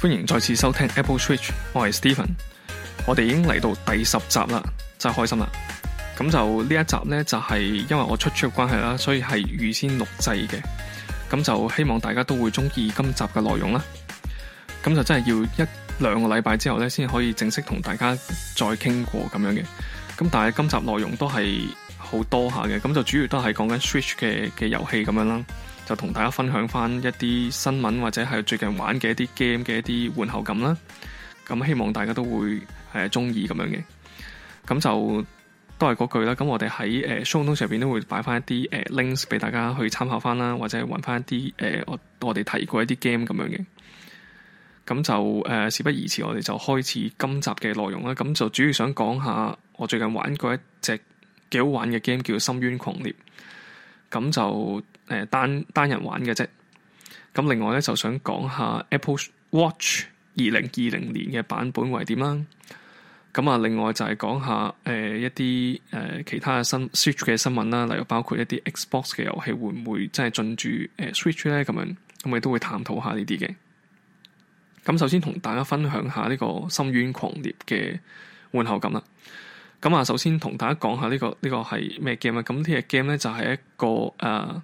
歡迎再次收聽 Apple Switch，我係 Stephen，我哋已經嚟到第十集啦，真係開心啦！咁就呢一集呢，就係、是、因為我出出嘅關係啦，所以係預先錄製嘅。咁就希望大家都會中意今集嘅內容啦。咁就真係要一兩個禮拜之後呢，先可以正式同大家再傾過咁樣嘅。咁但係今集內容都係好多下嘅，咁就主要都係講緊 Switch 嘅嘅遊戲咁樣啦。就同大家分享翻一啲新聞或者係最近玩嘅一啲 game 嘅一啲玩後感啦。咁希望大家都會誒中意咁樣嘅。咁就都係嗰句啦。咁我哋喺誒 show notes 上邊都會擺翻一啲誒、呃、links 俾大家去參考翻啦，或者揾翻一啲誒、呃、我我哋提過一啲 game 咁樣嘅。咁就誒、呃、事不宜遲，我哋就開始今集嘅內容啦。咁就主要想講下我最近玩過一隻幾好玩嘅 game 叫深淵《深淵狂獵》。咁就。誒、呃、單單人玩嘅啫，咁另外咧就想講下 Apple Watch 二零二零年嘅版本為點啦。咁啊，另外就係講下誒、呃、一啲誒、呃、其他嘅新 Switch 嘅新聞啦，例如包括一啲 Xbox 嘅遊戲會唔會真係進駐誒、呃、Switch 咧？咁樣，咁我哋都會探討下呢啲嘅。咁首先同大家分享下呢個《深淵狂獵》嘅玩後感啦。咁啊，首先同大家講下呢、呢個呢、呢個係咩 game 啊？咁呢隻 game 咧就係一個誒。呃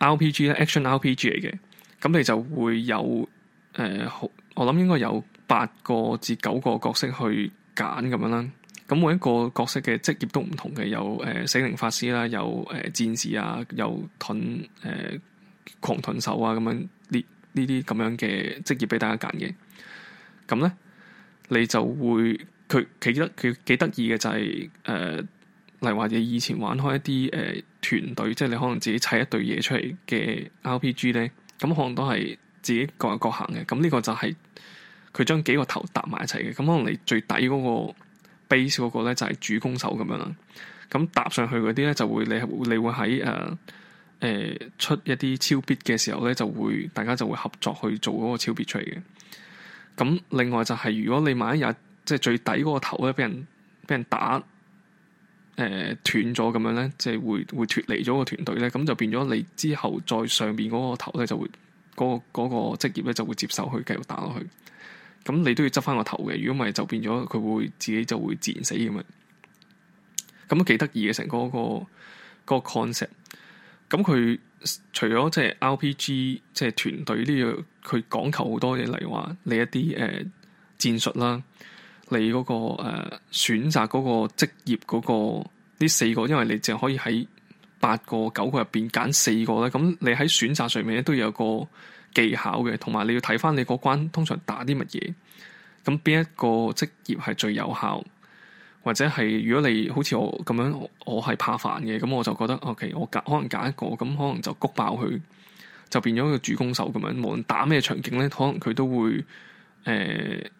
RPG 咧，Action RPG 嚟嘅，咁你就會有誒、呃，我諗應該有八個至九個角色去揀咁樣啦。咁每一個角色嘅職業都唔同嘅，有誒、呃、死靈法師啦，有誒、呃、戰士啊，有盾誒、呃、狂盾手啊，咁樣呢呢啲咁樣嘅職業俾大家揀嘅。咁咧，你就會佢佢得佢幾得意嘅就係、是、誒、呃，例如話你以前玩開一啲誒。呃團隊即係你可能自己砌一隊嘢出嚟嘅 RPG 咧，咁可能都係自己各有各行嘅。咁呢個就係佢將幾個頭搭埋一齊嘅。咁可能你最底嗰個 base 嗰個咧就係、是、主攻手咁樣啦。咁搭上去嗰啲咧就會你你會喺誒誒出一啲超必嘅時候咧就會大家就會合作去做嗰個超必出嚟嘅。咁另外就係如果你萬一即係最底嗰個頭咧俾人俾人打。誒、呃、斷咗咁樣咧，即係會會脱離咗個團隊咧，咁就變咗你之後再上邊嗰個頭咧就會嗰嗰、嗰個嗰個職業咧就會接受佢，繼續打落去。咁你都要執翻個頭嘅，如果唔係就變咗佢會自己就會自然死咁樣。咁都幾得意嘅成個、嗰個個 concept。咁佢除咗即係 RPG，即係團隊呢、這、樣、個，佢講求好多嘢，例如話你一啲誒、呃、戰術啦。你嗰、嗰個誒、呃、選擇嗰個職業嗰、嗰個呢四個，因為你淨係可以喺八個九個入邊揀四個咧，咁你喺選擇上面咧都有個技巧嘅，同埋你要睇翻你嗰關通常打啲乜嘢，咁邊一個職業係最有效，或者係如果你好似我咁樣，我係怕煩嘅，咁我就覺得，ok，我揀可能揀一個，咁可能就谷爆佢，就變咗一個主攻手咁樣，無論打咩場景咧，可能佢都會誒。呃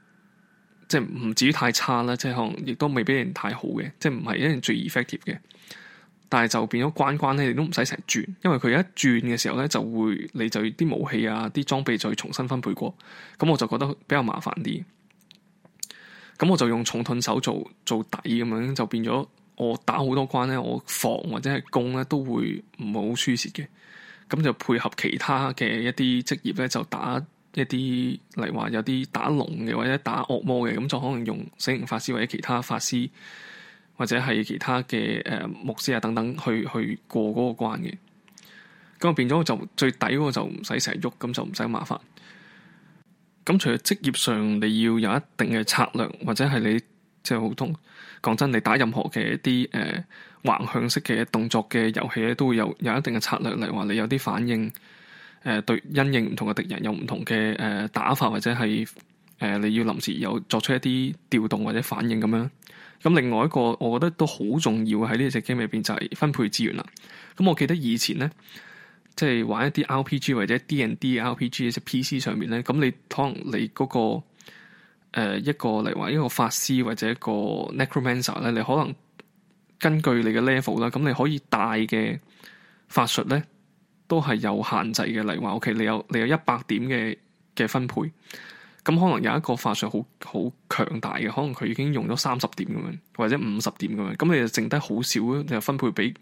即係唔至於太差啦，即係可能亦都未必係太好嘅，即係唔係一定最 effective 嘅。但係就變咗關關咧，你都唔使成日轉，因為佢一轉嘅時候咧，就會你就啲武器啊、啲裝備再重新分配過。咁我就覺得比較麻煩啲。咁我就用重盾手做做底咁樣，就變咗我打好多關咧，我防或者係攻咧都會唔係好輸蝕嘅。咁就配合其他嘅一啲職業咧，就打。一啲例如話有啲打龍嘅或者打惡魔嘅，咁就可能用死靈法師或者其他法師，或者係其他嘅誒、呃、牧師啊等等，去去過嗰個關嘅。咁變咗就最底嗰個就唔使成日喐，咁就唔使麻煩。咁除咗職業上你要有一定嘅策略，或者係你即係好多講真，你打任何嘅一啲誒橫向式嘅動作嘅遊戲咧，都會有有一定嘅策略，例如話你有啲反應。誒，對，因應唔同嘅敵人有唔同嘅誒打法，或者係誒你要臨時有作出一啲調動或者反應咁樣。咁另外一個，我覺得都好重要喺呢隻 game 裏邊就係分配資源啦。咁我記得以前咧，即係玩一啲 RPG 或者 DND 嘅 RPG 嘅 PC 上面咧，咁你可能你嗰個誒一個嚟話一個法師或者一個 Necromancer 咧，你可能根據你嘅 level 啦，咁你可以大嘅法術咧。都係有限制嘅，例如話，OK，你有你有一百點嘅嘅分配，咁可能有一個法術好好強大嘅，可能佢已經用咗三十點咁樣，或者五十點咁樣，咁你就剩低好少，你就分配俾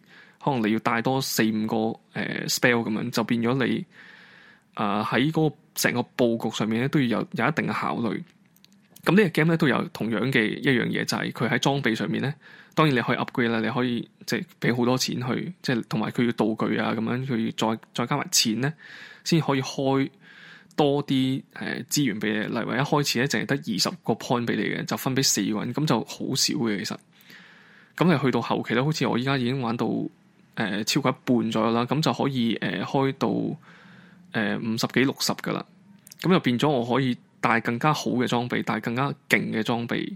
可能你要帶多四五個誒 spell 咁樣。呃，就變咗你啊喺嗰成個佈局上面咧都要有有一定嘅考慮。咁呢個 game 咧都有同樣嘅一樣嘢，就係佢喺裝備上面咧。當然你可以 upgrade 啦，你可以即係俾好多錢去，即係同埋佢要道具啊，咁樣佢再再加埋錢咧，先可以開多啲誒資源俾你。例如一開始咧，淨係得二十個 point 俾你嘅，就分俾四個人，咁就好少嘅其實。咁你去到後期咧，好似我依家已經玩到誒、呃、超過一半左右啦，咁就可以誒、呃、開到誒五十幾六十噶啦。咁、呃、就變咗我可以帶更加好嘅裝備，帶更加勁嘅裝備。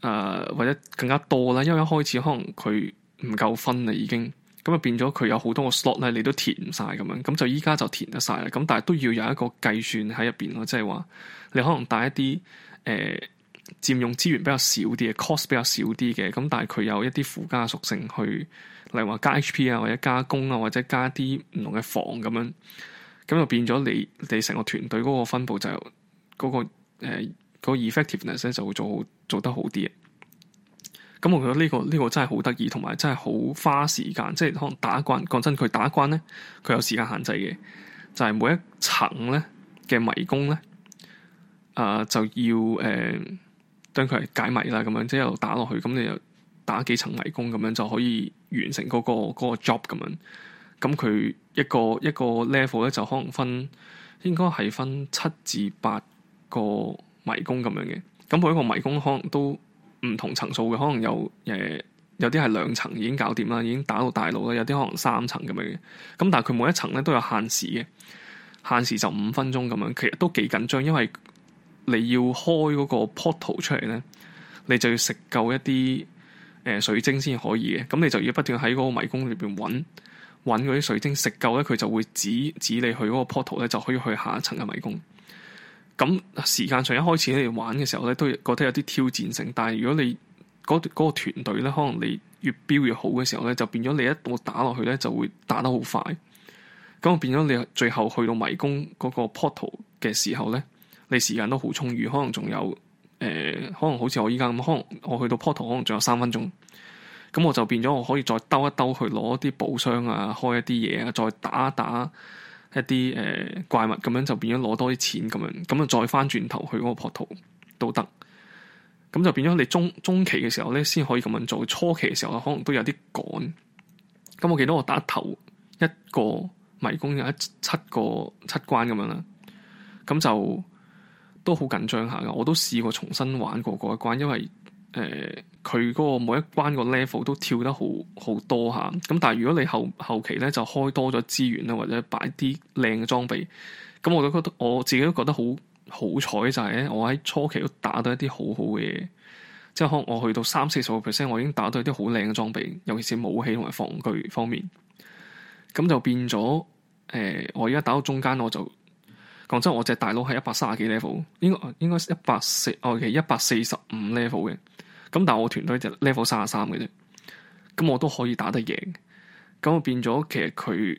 誒、呃、或者更加多啦，因為一開始可能佢唔夠分啦已經，咁啊變咗佢有好多個 slot 咧，你都填唔曬咁樣，咁就依家就填得晒啦。咁但係都要有一個計算喺入邊咯，即係話，你可能帶一啲誒佔用資源比較少啲嘅 cost 比較少啲嘅，咁但係佢有一啲附加屬性去，例如話加 HP 啊，或者加攻啊，或者加啲唔同嘅防，咁樣，咁就變咗你你成個團隊嗰個分布就嗰、嗰個誒。呃個 effectiveness 咧就會做好做得好啲嘅，咁我覺得呢、呢個呢、呢個真係好得意，同埋真係好花時間，即係可能打一關。講真，佢打一關咧，佢有時間限制嘅，就係、係、每一層咧嘅迷宮咧，啊、呃、就要誒將佢解謎啦，咁樣即係又打落去，咁你又打幾層迷宮咁樣就可以完成嗰、嗰個嗰個 job 咁樣。咁佢一個一個 level 咧就可能分應該係分七至八個。迷宮咁樣嘅，咁每一個迷宮可能都唔同層數嘅，可能有誒、呃、有啲係兩層已經搞掂啦，已經打到大佬啦，有啲可能三層咁樣嘅，咁但係佢每一層咧都有限時嘅，限時就五分鐘咁樣，其實都幾緊張，因為你要開嗰個 portal 出嚟咧，你就要食夠一啲誒、呃、水晶先可以嘅，咁你就要不斷喺嗰個迷宮裏邊搵搵嗰啲水晶食夠咧，佢就會指指你去嗰個 portal 咧，就可以去下一層嘅迷宮。咁時間上一開始你玩嘅時候咧，都覺得有啲挑戰性。但係如果你嗰嗰、嗰個團隊咧，可能你越飆越好嘅時候咧，就變咗你一到打落去咧，就會打得好快。咁變咗你最後去到迷宮嗰個 portal 嘅時候咧，你時間都好充裕，可能仲有誒、呃，可能好似我依家咁，可能我去到 portal 可能仲有三分鐘。咁我就變咗我可以再兜一兜去攞啲寶箱啊，開一啲嘢啊，再打一打。一啲誒、呃、怪物咁樣就變咗攞多啲錢咁樣，咁就再返轉頭去嗰個 portal 都得，咁就變咗你中中期嘅時候咧，先可以咁樣做，初期嘅時候可能都有啲趕。咁我記得我打頭一個迷宮有一七個七關咁樣啦，咁就都好緊張下噶，我都試過重新玩過嗰一關，因為誒。呃佢嗰個每一關個 level 都跳得好好多吓。咁但係如果你後後期咧就開多咗資源啦，或者擺啲靚嘅裝備，咁我都覺得我自己都覺得好好彩就係咧，我喺初期都打到一啲好好嘅嘢，即係可能我去到三四十個 percent，我已經打到一啲好靚嘅裝備，尤其是武器同埋防具方面。咁就變咗誒、呃，我而家打到中間我就講真，我隻大佬係一百三十幾 level，應該應該一百四，我係一百四十五 level 嘅。咁但係我團隊就 level 三十三嘅啫，咁我都可以打得贏，咁我變咗其實佢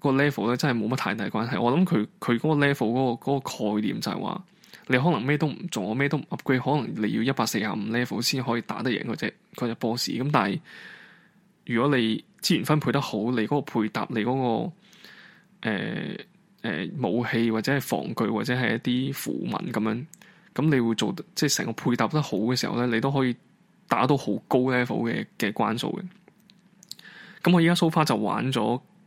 個 level 咧真係冇乜太大關係。我諗佢佢個 level 嗰、嗰個、嗰個概念就係話，你可能咩都唔做，我咩都唔 upgrade，可能你要一百四十五 level 先可以打得贏佢嗰隻 boss。咁但係如果你資源分配得好，你嗰個配搭你、嗰個，你嗰個誒誒武器或者係防具或者係一啲符文咁樣。咁你會做即係成個配搭得好嘅時候咧，你都可以打到好高 level 嘅嘅關數嘅。咁我依家蘇花就玩咗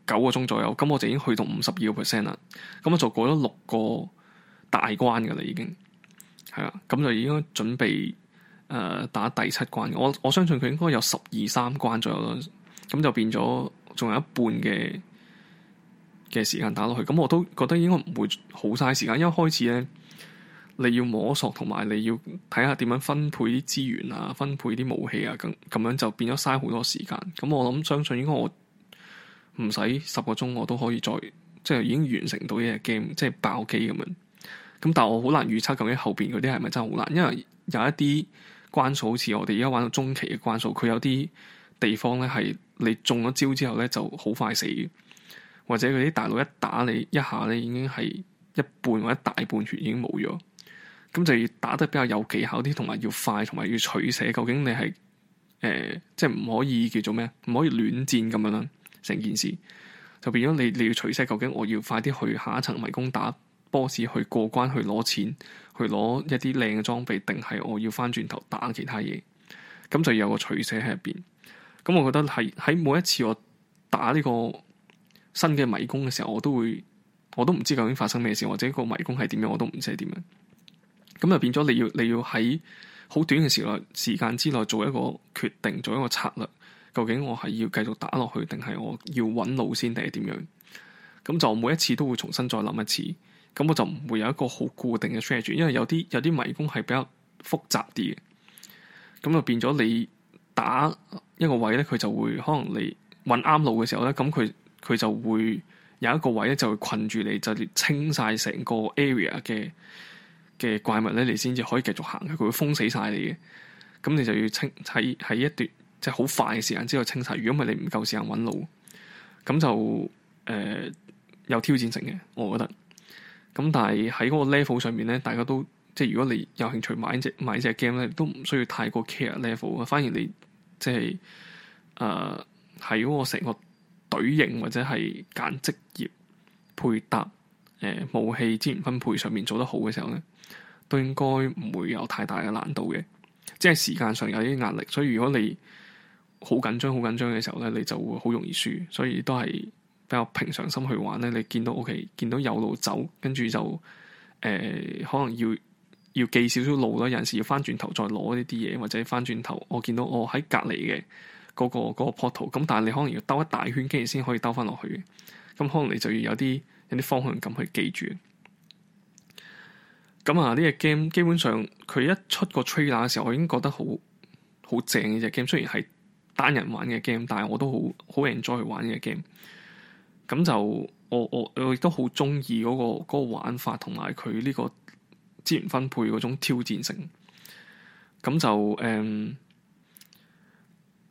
九個鐘左右，咁我就已經去到五十二 percent 啦。咁我就過咗六個大關嘅啦，已經係啦。咁就已經準備誒、呃、打第七關。我我相信佢應該有十二三關左右咯。咁就變咗仲有一半嘅嘅時間打落去。咁我都覺得應該唔會好嘥時間，因為開始咧。你要摸索同埋你要睇下點樣分配啲資源啊，分配啲武器啊，咁咁樣就變咗，嘥好多時間。咁我諗，相信應該我唔使十個鐘，我都可以再即係已經完成到呢隻 game，即係爆機咁樣。咁但係我好難預測，究竟後邊嗰啲係咪真係好難？因為有一啲關數，好似我哋而家玩到中期嘅關數，佢有啲地方咧係你中咗招之後咧就好快死，或者佢啲大佬一打你一下咧，已經係一半或者大半血已經冇咗。咁就要打得比較有技巧啲，同埋要快，同埋要取捨。究竟你係、呃、即係唔可以叫做咩？唔可以亂戰咁樣啦。成件事就變咗你你要取捨。究竟我要快啲去下一層迷宮打 boss 去過關，去攞錢，去攞一啲靚嘅裝備，定係我要翻轉頭打其他嘢？咁就要有個取捨喺入邊。咁我覺得係喺每一次我打呢個新嘅迷宮嘅時候，我都會我都唔知究竟發生咩事，或者個迷宮係點樣，我都唔知係點樣。咁就變咗你要你要喺好短嘅時內時間之內做一個決定，做一個策略，究竟我係要繼續打落去，定係我要揾路先，定係點樣？咁就每一次都會重新再諗一次。咁我就唔會有一個好固定嘅 strategy，因為有啲有啲迷宮係比較複雜啲嘅。咁就變咗你打一個位咧，佢就會可能你揾啱路嘅時候咧，咁佢佢就會有一個位咧就會困住你，就清晒成個 area 嘅。嘅怪物咧，你先至可以繼續行嘅。佢會封死晒你嘅，咁你就要清喺喺一段即係好快嘅時間之內清晒。如果唔係你唔夠時間揾路，咁就誒、呃、有挑戰性嘅，我覺得。咁但係喺嗰個 level 上面咧，大家都即係如果你有興趣買隻買隻 game 咧，都唔需要太過 care level 啊。反而你即係誒喺嗰個成個隊形，或者係揀職業配搭誒、呃、武器資源分配上面做得好嘅時候咧，都應該唔會有太大嘅難度嘅，即係時間上有啲壓力，所以如果你好緊張、好緊張嘅時候咧，你就會好容易輸。所以都係比較平常心去玩咧。你見到 OK，見到有路走，跟住就誒、呃，可能要要記少少路啦。有陣時要翻轉頭再攞呢啲嘢，或者翻轉頭，我見到我喺隔離嘅嗰個嗰、嗰個 portal，咁但係你可能要兜一大圈，跟住先可以兜翻落去。咁可能你就要有啲有啲方向感去記住。咁啊！呢隻、嗯，這個、game 基本上佢一出個 trailer 嘅時候，我已經覺得好好正嘅隻 game。雖然係單人玩嘅 game，但係我都好好 enjoy 去玩嘅 game。咁就我我我亦都好中意嗰個嗰、那個玩法，同埋佢呢個資源分配嗰種挑戰性。咁就誒，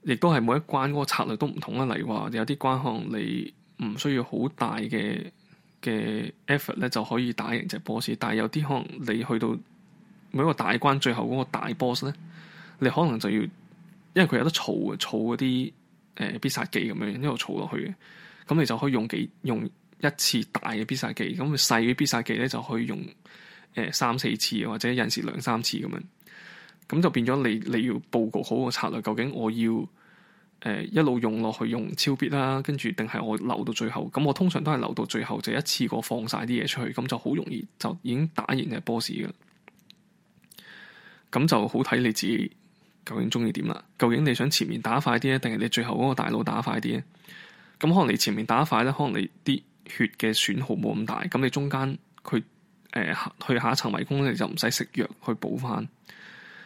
亦都係每一關嗰個策略都唔同啦。例如話有啲關項你唔需要好大嘅。嘅 effort 咧就可以打贏隻 boss，但係有啲可能你去到每一個大關最後嗰個大 boss 咧，你可能就要，因為佢有得儲嘅，儲嗰啲誒必殺技咁樣一路儲落去嘅，咁你就可以用幾用一次大嘅必殺技，咁佢細嘅必殺技咧就可以用誒三四次或者有時兩三次咁樣，咁就變咗你你要布局好個策略，究竟我要。誒、呃、一路用落去，用超必啦，跟住定係我留到最後。咁我通常都係留到最後，就是、一次過放晒啲嘢出去，咁就好容易就已經打完嘅 boss 㗎啦。咁就好睇你自己究竟中意點啦。究竟你想前面打快啲咧，定係你最後嗰個大佬打快啲咧？咁可能你前面打快咧，可能你啲血嘅損耗冇咁大。咁你中間佢誒、呃、去下一層迷宮咧，你就唔使食藥去補翻。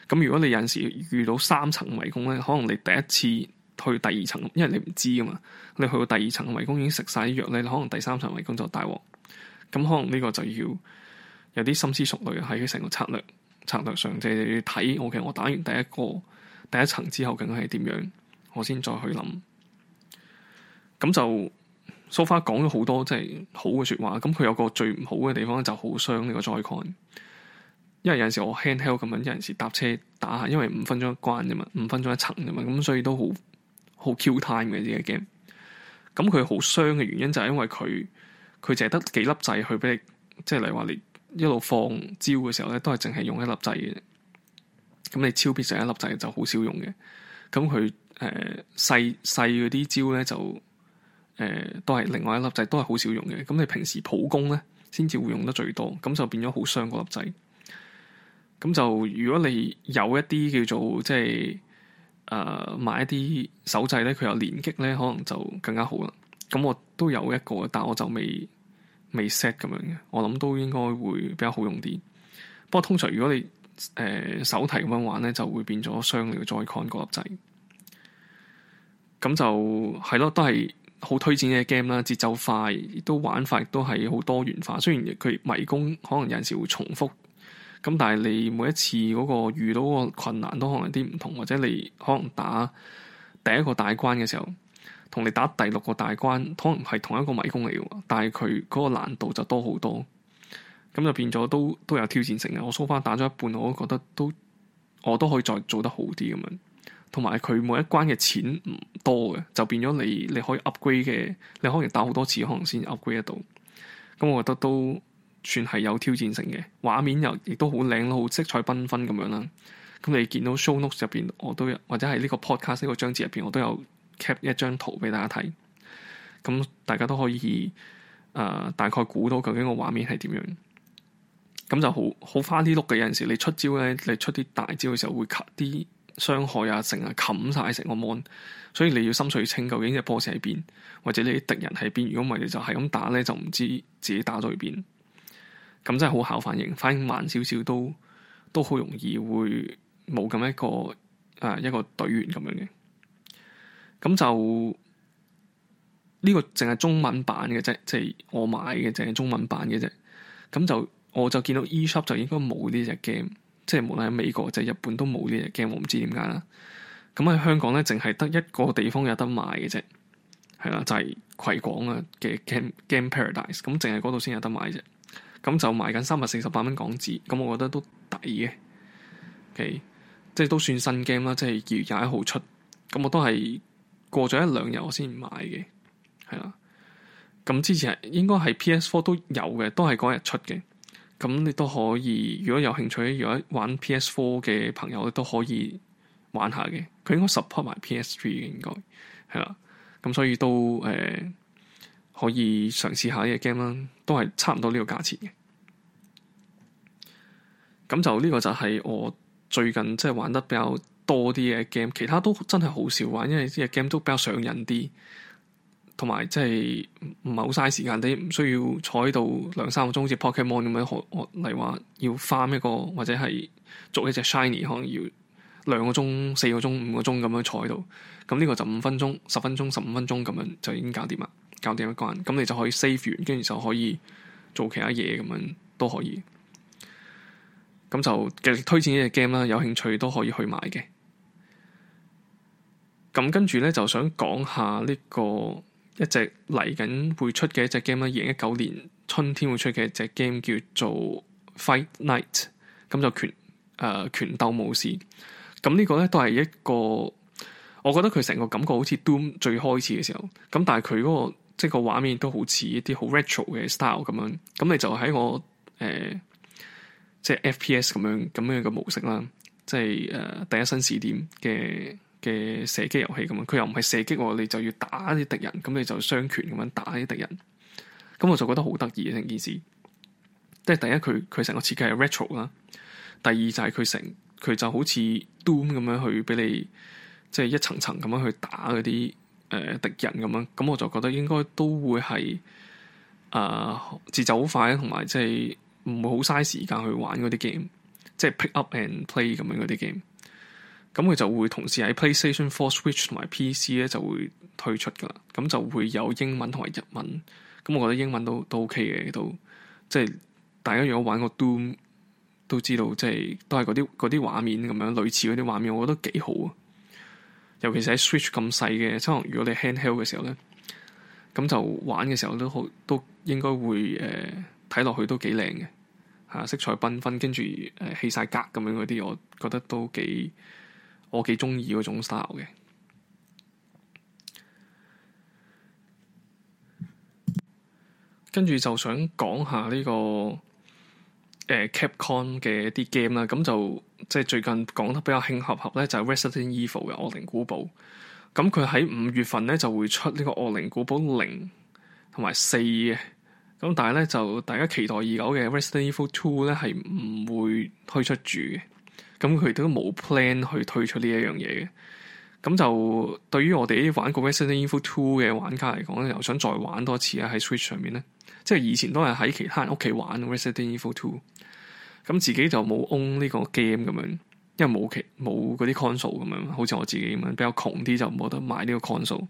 咁如果你有陣時遇到三層迷宮咧，可能你第一次。去第二層，因為你唔知啊嘛，你去到第二層迷宮已經食晒啲藥，你可能第三層迷宮就大鑊，咁可能呢個就要有啲深思熟慮喺佢成個策略策略上，即係你睇，OK，我打完第一個第一層之後，究竟係點樣，我先再去諗。咁就 So far 講咗好多即係好嘅說話，咁佢有個最唔好嘅地方就好傷呢個 Joycon，因為有陣時我 hand held 咁樣，有陣時搭車打下，因為五分鐘一關啫嘛，五分鐘一層啫嘛，咁所以都好。好 Q time 嘅呢個 game，咁佢好傷嘅原因就係因為佢佢淨係得幾粒掣去俾你，即係例如話你一路放招嘅時候咧，都係淨係用一粒掣嘅。咁、嗯、你超必成一粒掣就好少用嘅。咁佢誒細細嗰啲招咧就誒、呃、都係另外一粒掣，都係好少用嘅。咁、嗯、你平時普攻咧，先至會用得最多。咁就變咗好傷嗰粒掣。咁、嗯、就如果你有一啲叫做即係。誒，買一啲手掣咧，佢有連擊咧，可能就更加好啦。咁我都有一個，但我就未未 set 咁樣嘅。我諗都應該會比較好用啲。不過通常如果你誒、呃、手提咁樣玩咧，就會變咗雙你再看嗰粒掣。咁就係咯，都係好推薦嘅 game 啦。節奏快，亦都玩法都係好多元化。雖然佢迷宮可能有時會重複。咁但係你每一次嗰個遇到個困難都可能有啲唔同，或者你可能打第一個大關嘅時候，同你打第六個大關，可能係同一個迷宮嚟嘅，但係佢嗰個難度就多好多。咁就變咗都都有挑戰性嘅。我 so far 打咗一半，我覺得都我都可以再做得好啲咁樣。同埋佢每一關嘅錢唔多嘅，就變咗你你可以 upgrade 嘅，你可以你可能打好多次可能先 upgrade 得到。咁我覺得都。全係有挑戰性嘅畫面，又亦都好靚咯，好色彩繽紛咁樣啦。咁你見到 show notes 入邊，我都有，或者係呢個 podcast 個章節入邊，我都有 cap 一張圖俾大家睇。咁大家都可以誒、呃、大概估到究竟個畫面係點樣。咁就好好花啲碌嘅有陣時你，你出招咧，你出啲大招嘅時候會 cut 啲傷害啊，成日冚晒成個 mon，所以你要心水清，究竟隻 boss 喺邊，或者你啲敵人喺邊。如果唔係，就係咁打咧，就唔知自己打咗去邊。咁真係好考反應，反應慢少少都都好容易會冇咁一個誒、呃、一個隊員咁樣嘅。咁就呢個淨係中文版嘅啫，即係我買嘅淨係中文版嘅啫。咁就我就見到 eShop 就應該冇呢隻 game，即係無論喺美國即係日本都冇呢隻 game。我唔知點解啦。咁喺香港咧，淨係得一個地方有得賣嘅啫，係啦，就係葵廣啊嘅 game game Paradise 咁，淨係嗰度先有得買啫。咁就賣緊三百四十八蚊港紙，咁我覺得都抵嘅，okay? 即係都算新 game 啦，即係二月廿一號出，咁我都係過咗一兩日我先買嘅，係啦。咁之前應該係 PS Four 都有嘅，都係嗰日出嘅，咁你都可以，如果有興趣，如果玩 PS Four 嘅朋友都可以玩下嘅，佢應該 support 埋 PS Three 嘅，應該係啦，咁所以都誒。呃可以嘗試下呢個 game 啦，都係差唔多呢個價錢嘅。咁就呢個就係我最近即係玩得比較多啲嘅 game。其他都真係好少玩，因為呢隻 game 都比較上癮啲，同埋即係唔係好嘥時間。你唔需要坐喺度兩三個鐘，好似 Pokemon 咁樣。我我例如話要翻一個或者係捉一隻 Shiny，可能要兩個鐘、四個鐘、五個鐘咁樣坐喺度。咁呢個就五分鐘、十分鐘、十五分鐘咁樣就已經搞掂啦。搞掂一個人，咁你就可以 save 完，跟住就可以做其他嘢咁樣都可以。咁就繼續推薦呢隻 game 啦，有興趣都可以去買嘅。咁跟住咧，就想講下呢個一隻嚟緊會出嘅一隻 game 啦，二零一九年春天會出嘅一隻 game 叫做 Fight Night，咁就拳誒、呃、拳鬥武士。咁呢個咧都係一個，我覺得佢成個感覺好似 Doom 最開始嘅時候，咁但係佢嗰個。即係個畫面都好似一啲好 retro 嘅 style 咁樣，咁你就喺我誒、呃，即 FPS 咁樣咁樣嘅模式啦，即係誒、呃、第一身視點嘅嘅射擊遊戲咁樣，佢又唔係射擊、哦，你就要打啲敵人，咁你就雙拳咁樣打啲敵人，咁我就覺得好得意嘅成件事。即係第一，佢佢成個設計係 retro 啦，第二就係佢成佢就好似 doom 咁樣去俾你，即係一層層咁樣去打嗰啲。誒、呃、敵人咁樣，咁我就覺得應該都會係啊節奏好快咧，同埋即係唔會好嘥時間去玩嗰啲 game，即係 pick up and play 咁樣嗰啲 game。咁佢就會同時喺 PlayStation Four、Switch 同埋 PC 咧就會推出噶啦。咁就會有英文同埋日文。咁我覺得英文都都 OK 嘅，都即係，就是，大家如果玩過 Doom 都知道，就是，即係都係嗰啲嗰啲畫面咁樣，類似嗰啲畫面，我覺得幾好啊！尤其是喺 Switch 咁細嘅，即係如果你 handheld 嘅時候呢，咁就玩嘅時候都好，都應該會誒睇落去都幾靚嘅嚇，色彩繽紛，跟住誒起晒格咁樣嗰啲，我覺得都幾我幾鍾意嗰種 style 嘅。跟住就想講下呢、這個誒、呃、Capcom 嘅一啲 game 啦，咁就。即係最近講得比較興合合咧，就係 Resident Evil 嘅《惡靈古堡》。咁佢喺五月份咧就會出呢個《惡靈古堡零》同埋四嘅。咁但係咧就大家期待已久嘅 Resident Evil Two 咧係唔會推出住嘅。咁佢都冇 plan 去推出呢一樣嘢嘅。咁就對於我哋啲玩過 Resident Evil Two 嘅玩家嚟講，又想再玩多次呀喺 Switch 上面咧，即係以前都係喺其他人屋企玩 Resident Evil Two。咁自己就冇 own 呢個 game 咁樣，因為冇其冇嗰啲 console 咁樣，好似我自己咁樣，比較窮啲就冇得買呢個 console。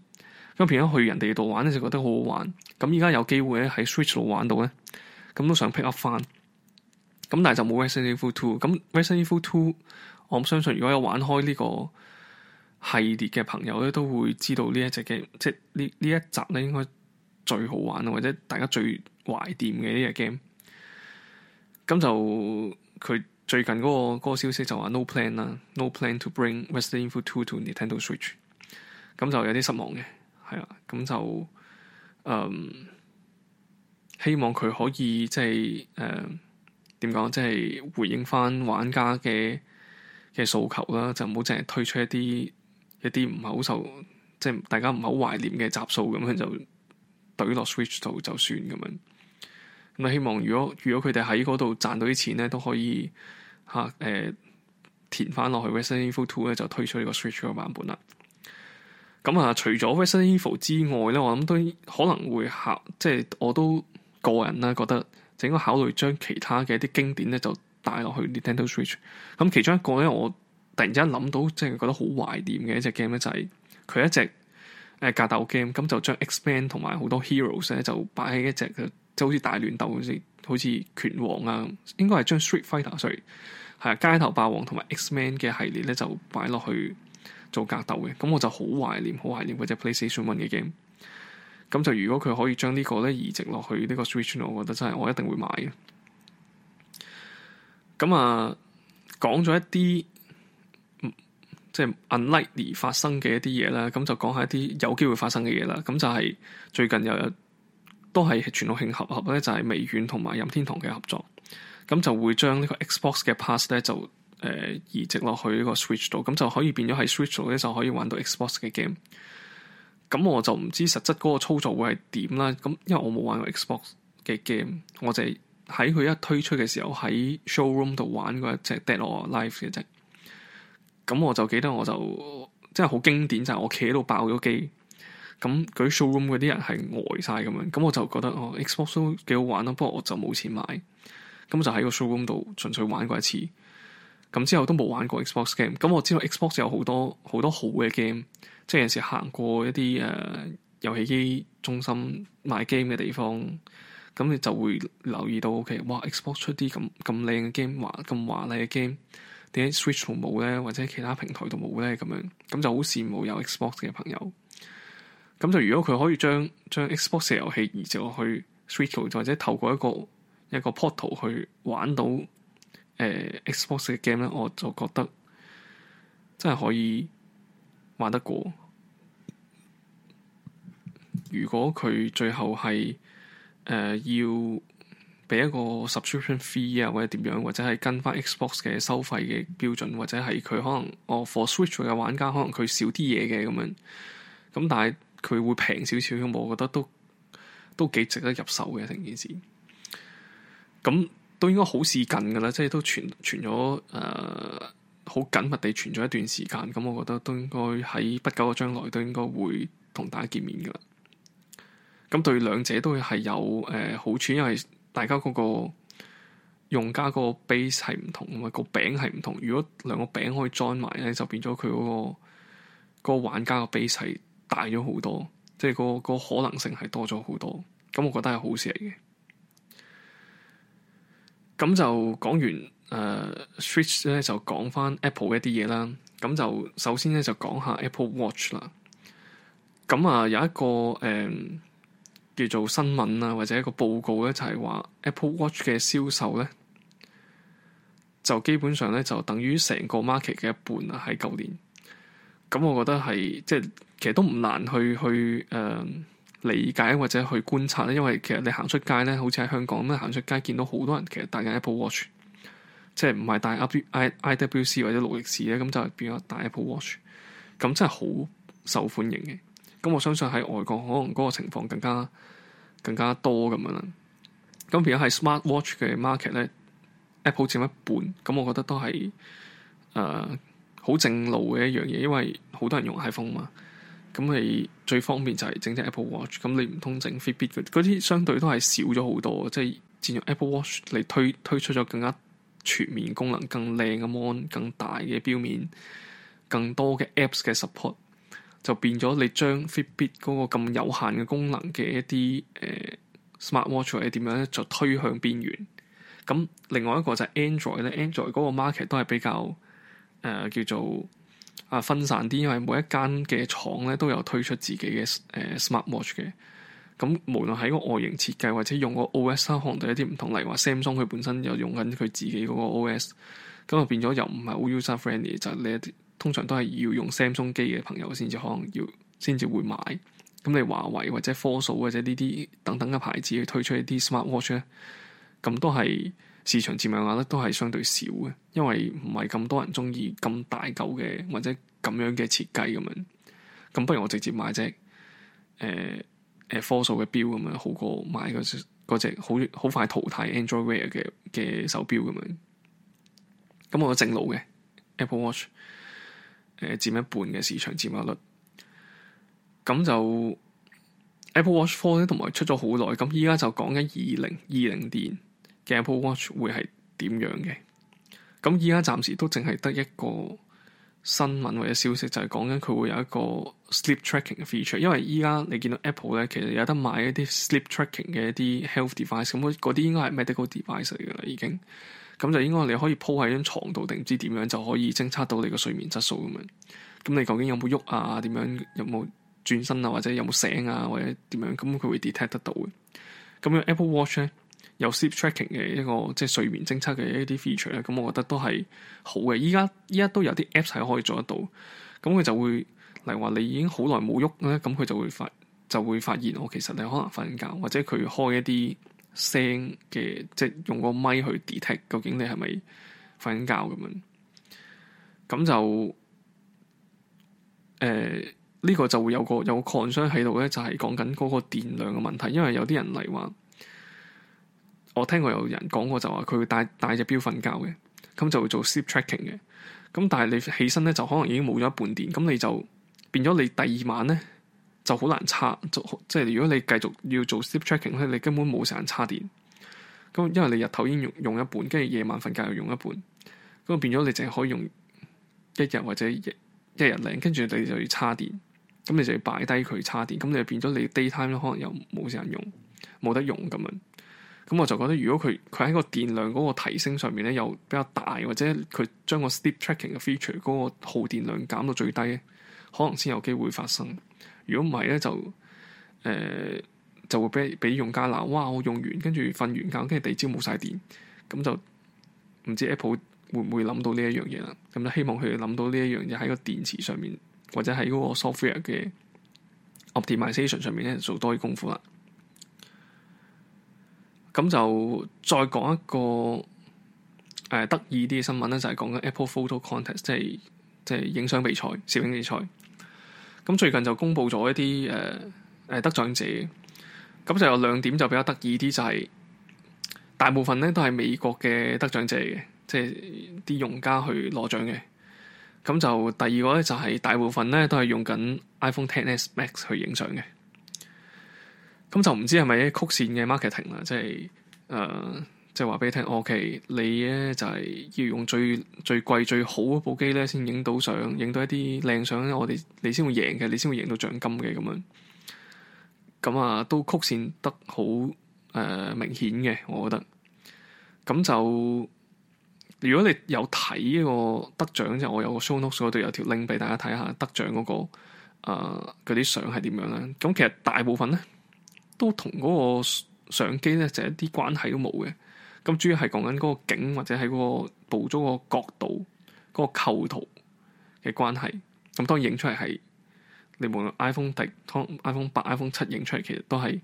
咁，平日去人哋度玩咧，就覺得好好玩。咁而家有機會咧喺 Switch 度玩到咧，咁都想 pick up 翻。咁但係就冇 Resident Evil Two。咁 Resident Evil Two，我相信如果有玩開呢個系列嘅朋友咧，都會知道呢一隻 game，即係呢呢一集咧應該最好玩，或者大家最懷念嘅呢隻 game。咁就佢最近嗰個嗰個消息就話 no plan 啦，no plan to bring Western Infotool to Nintendo Switch。咁就有啲失望嘅，係啦。咁就嗯，希望佢可以即係誒點講，即係回應翻玩家嘅嘅訴求啦。就唔好淨係推出一啲一啲唔係好受，即係大家唔係好懷念嘅集數咁樣就懟落 Switch 度就，就算咁樣。咁啊，希望如果如果佢哋喺嗰度賺到啲錢咧，都可以吓誒、啊呃、填翻落去。Resident Evil Two 咧就推出呢個 Switch 嘅版本啦。咁、嗯、啊，除咗 Resident Evil 之外咧，我諗都可能會考即係我都個人咧覺得就應該考慮將其他嘅一啲經典咧就帶落去 Nintendo Switch。咁、嗯、其中一個咧，我突然之間諗到，即係覺得好懷念嘅一隻 game 咧，就係、是、佢一隻誒、呃、格鬥 game，咁就將 X-Men 同埋好多 Heroes 咧就擺喺一隻就好似大亂鬥，好似拳王啊，應該係將 Street Fighter，所以啊，街頭霸王同埋 X-Men 嘅系列咧，就擺落去做格鬥嘅。咁我就好懷念，好懷念或者 PlayStation One 嘅 game。咁就如果佢可以將呢個咧移植落去、這個、呢個 Switch，我覺得真係我一定會買嘅。咁啊，講咗一啲即係 unlikely 發生嘅一啲嘢啦，咁就講下一啲有機會發生嘅嘢啦。咁就係最近又有。都係全澳慶合合咧，就係、是、微軟同埋任天堂嘅合作，咁就會將呢個 Xbox 嘅 pass 咧就誒、呃、移植落去呢個 Switch 度，咁就可以變咗喺 Switch 度咧就可以玩到 Xbox 嘅 game。咁我就唔知實質嗰個操作會係點啦。咁因為我冇玩過 Xbox 嘅 game，我就係喺佢一推出嘅時候喺 showroom 度玩過一隻 Dead or Alive 嘅啫。咁我就記得我就真係好經典，就係、是、我企喺度爆咗機。咁，嗰 showroom 嗰啲人係呆晒咁樣，咁我就覺得哦，Xbox 都幾好玩咯。不過我就冇錢買，咁就喺個 showroom 度純粹玩過一次。咁之後都冇玩過 Xbox game。咁我知道 Xbox 有好多，多好多好嘅 game，即係有時行過一啲誒、呃、遊戲機中心賣 game 嘅地方，咁你就會留意到 OK，哇！Xbox 出啲咁咁靚嘅 game，華咁華麗嘅 game，點解 Switch 冇咧，或者其他平台都冇咧？咁樣咁就好羨慕有 Xbox 嘅朋友。咁就如果佢可以將將 Xbox 遊戲移植到去 Switch 或者透過一個一個 portal 去玩到誒、呃、Xbox 嘅 game 咧，我就覺得真係可以玩得過。如果佢最後係誒、呃、要俾一個 subscription fee 啊，或者點樣，或者係跟翻 Xbox 嘅收費嘅標準，或者係佢可能哦 for Switch 嘅玩家，可能佢少啲嘢嘅咁樣，咁但係。佢會平少少，我覺得都都幾值得入手嘅。成件事咁都應該好事近噶啦，即係都存存咗誒好緊密地存咗一段時間。咁我覺得都應該喺不久嘅將來都應該會同大家見面噶啦。咁對兩者都係有誒、呃、好處，因為大家嗰個用家嗰個 base 係唔同啊嘛，個餅係唔同。如果兩個餅可以裝埋咧，就變咗佢嗰個玩家個 base 係大咗好多，即係個個可能性係多咗好多，咁我覺得係好事嚟嘅。咁就講完，誒，Switch 咧，就講翻 Apple 嘅一啲嘢啦。咁就首先咧就講下 Apple Watch 啦。咁啊有一個誒叫做新聞啊或者一個報告咧就係話 Apple Watch 嘅銷售咧就基本上咧就等於成個 market 嘅一半啊喺舊年。咁我覺得係即係其實都唔難去去誒、呃、理解或者去觀察咧，因為其實你行出街咧，好似喺香港咁行出街，見到好多人其實戴緊 Apple Watch，即係唔係戴 Apple I IWC 或者勞力士咧，咁就變咗戴 Apple Watch，咁真係好受歡迎嘅。咁我相信喺外國可能嗰個情況更加更加多咁樣啦。咁而家係 Smart Watch 嘅 market 咧，Apple 佔一半，咁我覺得都係誒。呃好正路嘅一樣嘢，因為好多人用 iPhone 嘛，咁你最方便就係整隻 Apple Watch，咁你唔通整 Fitbit 嗰啲，相對都係少咗好多。即係佔用 Apple Watch 嚟推推出咗更加全面功能，更靚嘅 mon、更大嘅表面、更多嘅 Apps 嘅 support，就變咗你將 Fitbit 嗰個咁有限嘅功能嘅一啲誒、呃、Smart Watch 或者點樣咧，就推向邊緣，咁另外一個就係 Android 咧，Android 嗰個 market 都係比較。誒、呃、叫做啊分散啲，因為每一間嘅廠咧都有推出自己嘅誒、呃、smart watch 嘅。咁無論係個外形設計或者用個 OS，可能有一啲唔同。例如話 Samsung 佢本身有用緊佢自己嗰個 OS，咁啊變咗又唔係好 user friendly，就你一啲通常都係要用 Samsung 機嘅朋友先至可能要先至會買。咁你華為或者 Fossil 或者呢啲等等嘅牌子去推出一啲 smart watch 咧，咁都係。市場佔有率都係相對少嘅，因為唔係咁多人鍾意咁大嚿嘅或者咁樣嘅設計咁樣，咁不如我直接買隻誒誒科數嘅錶咁樣，好過買嗰隻隻好好快淘汰 Android Wear 嘅嘅手錶咁樣。咁我正路嘅 Apple Watch 誒、呃、佔一半嘅市場佔有率，咁就 Apple Watch Four 咧，同埋出咗好耐，咁依家就講緊二零二零年。Apple Watch 會係點樣嘅？咁而家暫時都淨係得一個新聞或者消息，就係講緊佢會有一個 sleep tracking 嘅 feature。因為而家你見到 Apple 咧，其實有得賣一啲 sleep tracking 嘅一啲 health device，咁嗰啲應該係 medical device 嚟噶啦，已經。咁就應該你可以鋪喺張床度定唔知點樣，就可以偵測到你個睡眠質素咁樣。咁你究竟有冇喐啊？點樣？有冇轉身啊？或者有冇醒啊？或者點樣？咁佢會 detect 得到嘅。咁樣 Apple Watch 咧。有 sleep tracking 嘅一個即係睡眠偵測嘅一啲 feature 咧，咁我覺得都係好嘅。依家依家都有啲 app 係可以做得到，咁佢就會，例如話你已經好耐冇喐咧，咁佢就會發就會發現我其實你可能瞓覺，或者佢開一啲聲嘅，即係用個咪去 detect 究竟你係咪瞓覺咁樣。咁就，誒、呃、呢、呢個就會有個有個 concern 喺度咧，就係講緊嗰個電量嘅問題，因為有啲人嚟話。我聽過有人講過就話佢會帶帶隻錶瞓覺嘅，咁就會做 sleep tracking 嘅。咁但係你起身咧就可能已經冇咗一半電，咁你就變咗你第二晚咧就好難插，即係、就是、如果你繼續要做 sleep tracking 咧，你根本冇時間插電。咁因為你日頭已經用用一半，跟住夜晚瞓覺又用一半，咁變咗你淨係可以用一日或者一日零，跟住你就要插電，咁你就要擺低佢插電，咁你就，就變咗你 daytime 可能又冇時間用，冇得用咁樣。咁我就覺得，如果佢佢喺個電量嗰個提升上面咧，有比較大，或者佢將個 sleep tracking 嘅 feature 嗰個耗電量減到最低，可能先有機會發生。如果唔係咧，就誒、呃、就會俾俾用家鬧，哇！我用完跟住瞓完覺，跟住第二朝冇晒電，咁就唔知 Apple 會唔會諗到一呢一樣嘢啦。咁就希望佢諗到呢一樣嘢喺個電池上面，或者喺嗰個 software 嘅 optimization 上面咧做多啲功夫啦。咁就再講一個誒、呃、得意啲嘅新聞咧，就係、是、講緊 Apple Photo Contest，即係即係影相比賽、攝影比賽。咁最近就公布咗一啲誒誒得獎者，咁就有兩點就比較得意啲，就係、是、大部分咧都係美國嘅得獎者嘅，即係啲用家去攞獎嘅。咁就第二個咧就係、是、大部分咧都係用緊 iPhone XS Max 去影相嘅。咁就唔知係咪曲線嘅 marketing 啦，即係誒，即係話俾你聽。O.K. 你咧就係、是、要用最最貴最好部機咧，先影到相，影到一啲靚相咧。我哋你先會贏嘅，你先會贏到獎金嘅咁樣。咁啊，都曲線得好誒、呃、明顯嘅，我覺得。咁就如果你有睇呢個得獎，即係我有個 show notes 嗰度有條 link 俾大家睇下得獎嗰、那個誒嗰啲相係點樣啦。咁其實大部分咧，都同嗰個相機咧就是，一啲關係都冇嘅，咁主要係講緊嗰個景，或者喺嗰個捕捉個角度、嗰、嗰個構圖嘅關係。咁當然影出嚟係你無論 iPhone 第、iPhone 八、iPhone 七影出嚟，其實都係誒、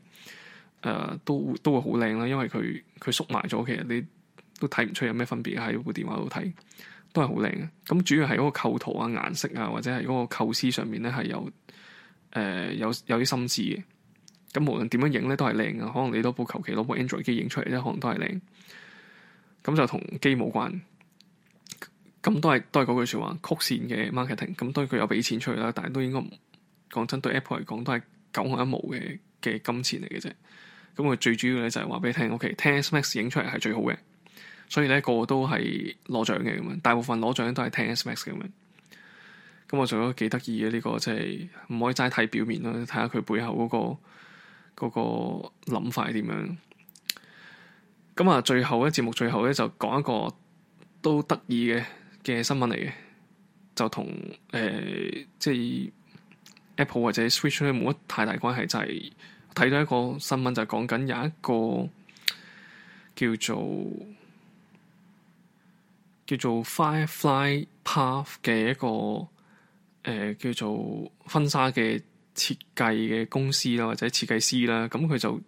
呃、都都會好靚啦，因為佢佢縮埋咗，其實你都睇唔出有咩分別喺部電話度睇，都係好靚嘅。咁主要係嗰個構圖啊、顏色啊，或者係嗰個構思上面咧，係有誒、呃、有有啲心思嘅。咁無論點樣影咧都係靚啊，可能你都部求其攞部 Android 機影出嚟咧，可能都係靚。咁就同機冇關，咁都係都係嗰句說話，曲線嘅 marketing。咁當然佢有俾錢出去啦，但係都應該講真，對 Apple 嚟講都係九牛一毛嘅嘅金錢嚟嘅啫。咁佢最主要咧就係話俾你聽，O.K. XS Max 影出嚟係最好嘅，所以咧個個都係攞獎嘅咁樣，大部分攞獎都係 XS Max 咁樣。咁我做咗幾得意嘅呢個，即係唔可以齋睇表面咯，睇下佢背後嗰個。嗰個諗法係點樣？咁啊，最後咧，節目最後咧就講一個都得意嘅嘅新聞嚟嘅，就同誒、呃、即係 Apple 或者 Switch 咧冇乜太大關係，就係、是、睇到一個新聞就係講緊有一個叫做叫做 Firefly Path 嘅一個誒、呃、叫做婚紗嘅。設計嘅公司啦，或者設計師啦，咁佢就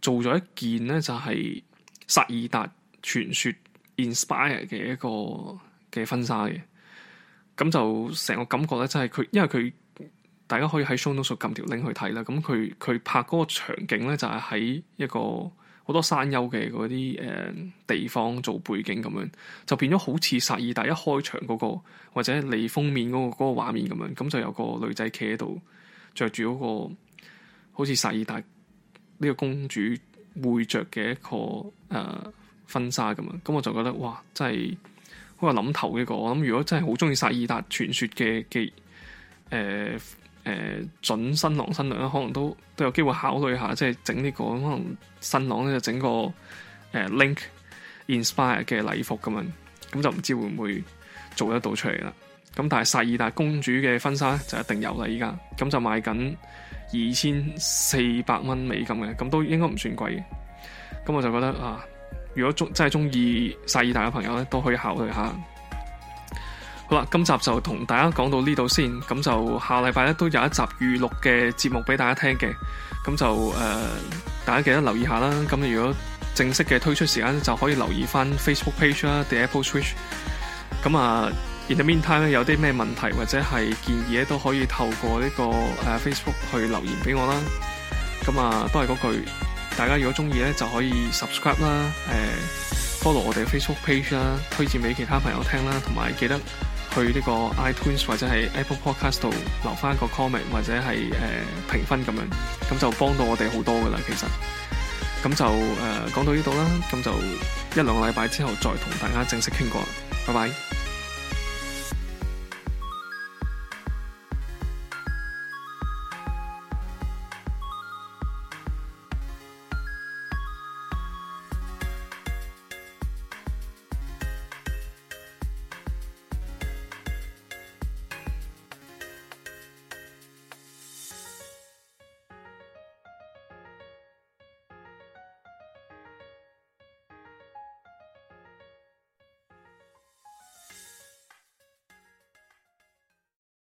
做咗一件呢，就係《薩爾達傳說》inspire 嘅一個嘅婚紗嘅。咁就成個感覺咧，即係佢，因為佢大家可以喺 show notes 撳條 link 去睇啦。咁佢佢拍嗰個場景咧，就係喺一個好多山丘嘅嗰啲誒地方做背景咁樣，就變咗好似薩爾達一開場嗰、嗰個或者你封面嗰個嗰個畫面咁樣。咁就有個女仔企喺度。着住嗰個好似薩爾達呢個公主會着嘅一個誒、呃、婚紗咁啊，咁我就覺得哇，真係好有諗頭呢一個。我諗如果真係好中意薩爾達傳說嘅嘅誒誒準新郎新娘咧，可能都都有機會考慮下，即係整呢個咁，可能新郎咧就整個誒、呃、Link Inspire 嘅禮服咁樣，咁就唔知會唔會做得到出嚟啦。咁但係薩爾達公主嘅婚紗就一定有啦，依家咁就賣緊二千四百蚊美金嘅，咁都應該唔算貴嘅。咁我就覺得啊，如果中真係中意薩爾達嘅朋友咧，都可以考慮下。好啦，今集就同大家講到呢度先，咁就下禮拜咧都有一集預錄嘅節目俾大家聽嘅。咁就誒、呃，大家記得留意下啦。咁如果正式嘅推出時間就可以留意翻 Facebook page 啦，The Apple Switch。咁啊～In the meantime 咧有啲咩問題或者係建議咧，都可以透過呢、這個誒、uh, Facebook 去留言俾我啦。咁啊，uh, 都係嗰句，大家如果中意咧就可以 subscribe 啦、呃、follow 我哋 Facebook page 啦，推薦俾其他朋友聽啦，同埋記得去呢個 iTunes 或者係 Apple Podcast 度留翻個 comment 或者係誒、uh, 評分咁樣，咁就幫到我哋好多噶啦。其實咁就誒、uh, 講到呢度啦，咁就一兩個禮拜之後再同大家正式傾過，拜拜。